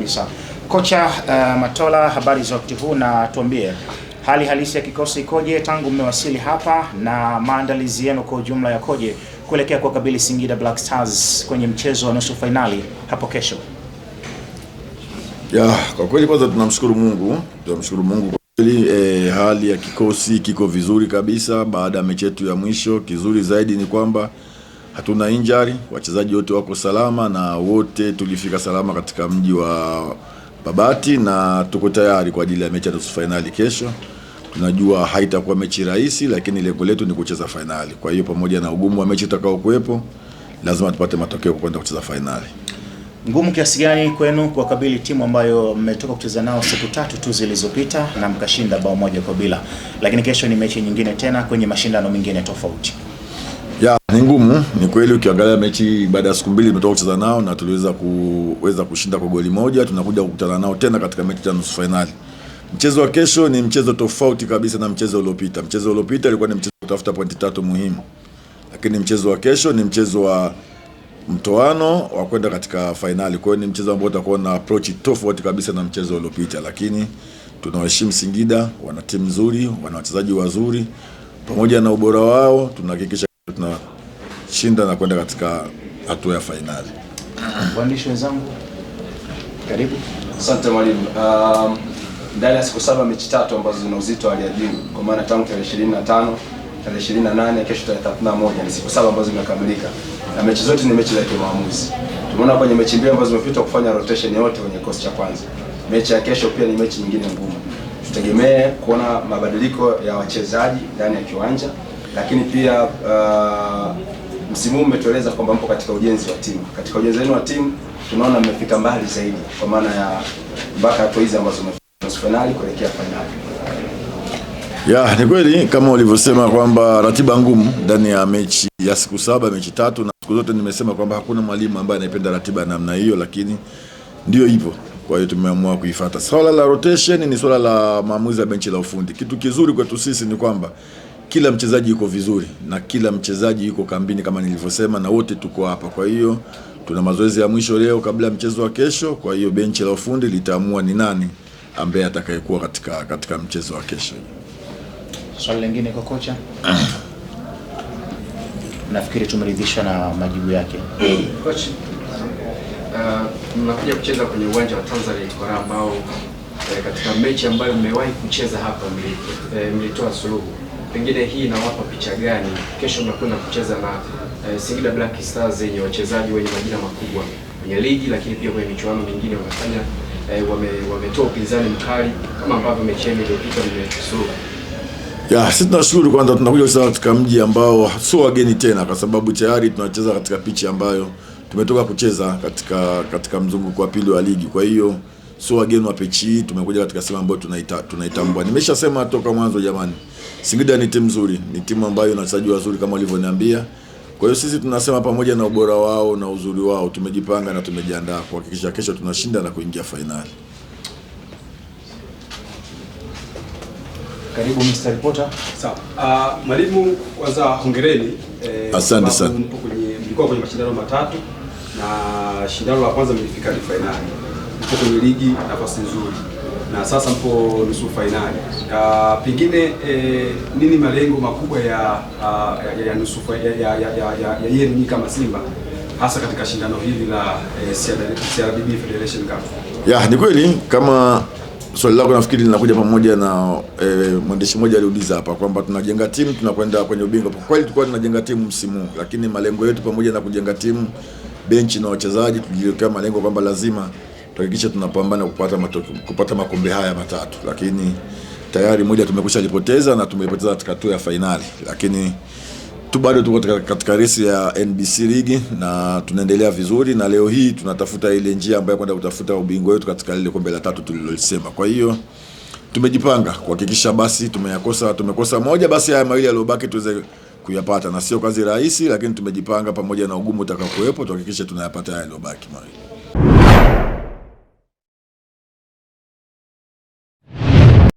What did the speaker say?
kabisa. Kocha uh, Matola, habari za wakati huu, na tuambie hali halisi ya kikosi ikoje tangu mmewasili hapa na maandalizi yenu kwa ujumla yakoje kuelekea kuwakabili Singida Black Stars kwenye mchezo wa nusu fainali hapo kesho? Ya, kwa kweli kwanza tunamshukuru Mungu, tunamshukuru Mungu kwa kweli eh, hali ya kikosi kiko vizuri kabisa baada ya mechi yetu ya mwisho. Kizuri zaidi ni kwamba hatuna injari wachezaji wote wako salama na wote tulifika salama katika mji wa Babati na tuko tayari kwa ajili ya mechi ya nusu fainali kesho. Tunajua haitakuwa mechi rahisi, lakini lengo letu ni kucheza fainali. Kwa hiyo pamoja na ugumu wa mechi utakao kuwepo, lazima tupate matokeo kwenda kucheza fainali. Ngumu kiasi gani kwenu kuwakabili timu ambayo mmetoka kucheza nao siku tatu tu zilizopita na mkashinda bao moja kwa bila, lakini kesho ni mechi nyingine tena kwenye mashindano mengine tofauti? Ni ngumu, ni kweli. Ukiangalia mechi baada ya siku mbili tumetoka kucheza nao na tuliweza kuweza kushinda kwa goli moja. Tunakuja kukutana nao tena katika mechi ya nusu fainali. Mchezo wa kesho ni mchezo tofauti kabisa na mchezo uliopita. Mchezo uliopita ilikuwa ni mchezo kutafuta pointi tatu muhimu, lakini mchezo wa kesho ni mchezo wa mtoano wa kwenda katika fainali. Kwa hiyo ni mchezo ambao utakuwa na approach tofauti kabisa na mchezo uliopita, lakini tunawaheshimu Singida, wana timu nzuri, wana wachezaji wazuri, pamoja na ubora wao tunahakikisha tuna kushinda na kwenda katika hatua ya fainali. Waandishi wenzangu, karibu. Asante mwalimu. Um, ndani ya siku saba mechi tatu ambazo zina uzito wa hali ya juu, kwa maana tangu tarehe 25, tarehe 28, kesho tarehe 31 ni siku saba ambazo zimekamilika, na mechi zote ni mechi za kimaamuzi. Tumeona kwenye mechi mbili ambazo zimepita kufanya rotation yote kwenye kikosi cha kwanza. Mechi ya kesho pia ni mechi nyingine ngumu. Tutegemee kuona mabadiliko ya wachezaji ndani ya kiwanja, lakini pia uh, msimu huu kwamba mpo katika ujenzi wa timu. Katika ujenzi wenu wa timu tunaona mmefika mbali zaidi kwa maana ya mpaka hapo hizi ambazo mmefika finali kuelekea finali. Ya, ni kweli kama ulivyosema kwamba ratiba ngumu ndani ya mechi ya siku saba, mechi tatu, na siku zote nimesema kwamba hakuna mwalimu ambaye anaipenda ratiba ya namna hiyo, lakini ndio hivyo. Kwa hiyo tumeamua kuifuata. Swala la rotation ni swala la maamuzi ya benchi la ufundi. Kitu kizuri kwetu sisi ni kwamba kila mchezaji yuko vizuri na kila mchezaji yuko kambini kama nilivyosema, na wote tuko hapa. Kwa hiyo tuna mazoezi ya mwisho leo kabla ya mchezo wa kesho. Kwa hiyo benchi la ufundi litaamua ni nani ambaye atakayekuwa katika, katika mchezo wa kesho. Swali lingine kwa kocha nafikiri tumeridhishwa na majibu yake coach. Uh, kucheza kwenye uwanja wa Tanzania Ikora ambao eh, katika mechi ambayo mmewahi kucheza hapa eh, mlitoa eh, suluhu pengine hii inawapa picha gani? Kesho mnakwenda kucheza na uh, Singida Black Stars yenye wachezaji wenye majina makubwa kwenye ligi, lakini pia kwenye michuano mingine wanafanya uh, wame, wametoa upinzani mkali kama ambavyo mechi yenu iliyopita mmesura. Ya, sisi tunashukuru kwanza, tunakuja kucheza katika mji ambao sio wageni tena, kwa sababu tayari tunacheza katika pichi ambayo tumetoka kucheza katika katika mzunguko wa pili wa ligi, kwa hiyo sio wageni wa pechi hii, tumekuja katika sehemu ambayo tunaita tunaitambua. Nimeshasema toka mwanzo, jamani, Singida ni timu nzuri, ni timu ambayo ina wachezaji wazuri kama walivyoniambia. Kwa hiyo sisi tunasema pamoja na ubora wao na uzuri wao, tumejipanga na tumejiandaa kuhakikisha kesho tunashinda na kuingia fainali. Karibu Mr. Reporter. Sawa. Uh, mwalimu kwanza hongereni. Eh, asante sana. Mlikuwa kwenye mashindano matatu na shindano la kwanza mlifika fainali mpo kwenye ligi nafasi nzuri na sasa mpo nusu fainali. Pengine eh, nini malengo makubwa ya ah, ya, ya, nusu, ya, ya, ya, ya, ya yenu kama Simba hasa katika shindano hili la e, eh, CRDB Federation Cup? Ya ni kweli kama swali lako nafikiri linakuja pamoja na e, mwandishi mmoja aliuliza hapa kwamba tunajenga timu tunakwenda kwenye ubingwa. Kwa kweli tulikuwa tunajenga timu msimu, lakini malengo yetu pamoja na kujenga timu, benchi na wachezaji, tujiwekea malengo kwamba lazima tuhakikishe tunapambana kupata matokeo, kupata makombe haya matatu, lakini tayari moja tumekusha lipoteza na tumeipoteza katika hatua ya fainali, lakini tu bado tuko katika resi ya NBC ligi na tunaendelea vizuri, na leo hii tunatafuta ile njia ambayo kwenda kutafuta ubingwa wetu katika lile kombe la tatu tulilolisema. Kwa hiyo tumejipanga kuhakikisha basi tumeyakosa, tumekosa moja, basi haya mawili yaliyobaki tuweze kuyapata, na sio kazi rahisi, lakini tumejipanga pamoja na ugumu utakaokuwepo, tuhakikishe tunayapata haya yaliyobaki mawili.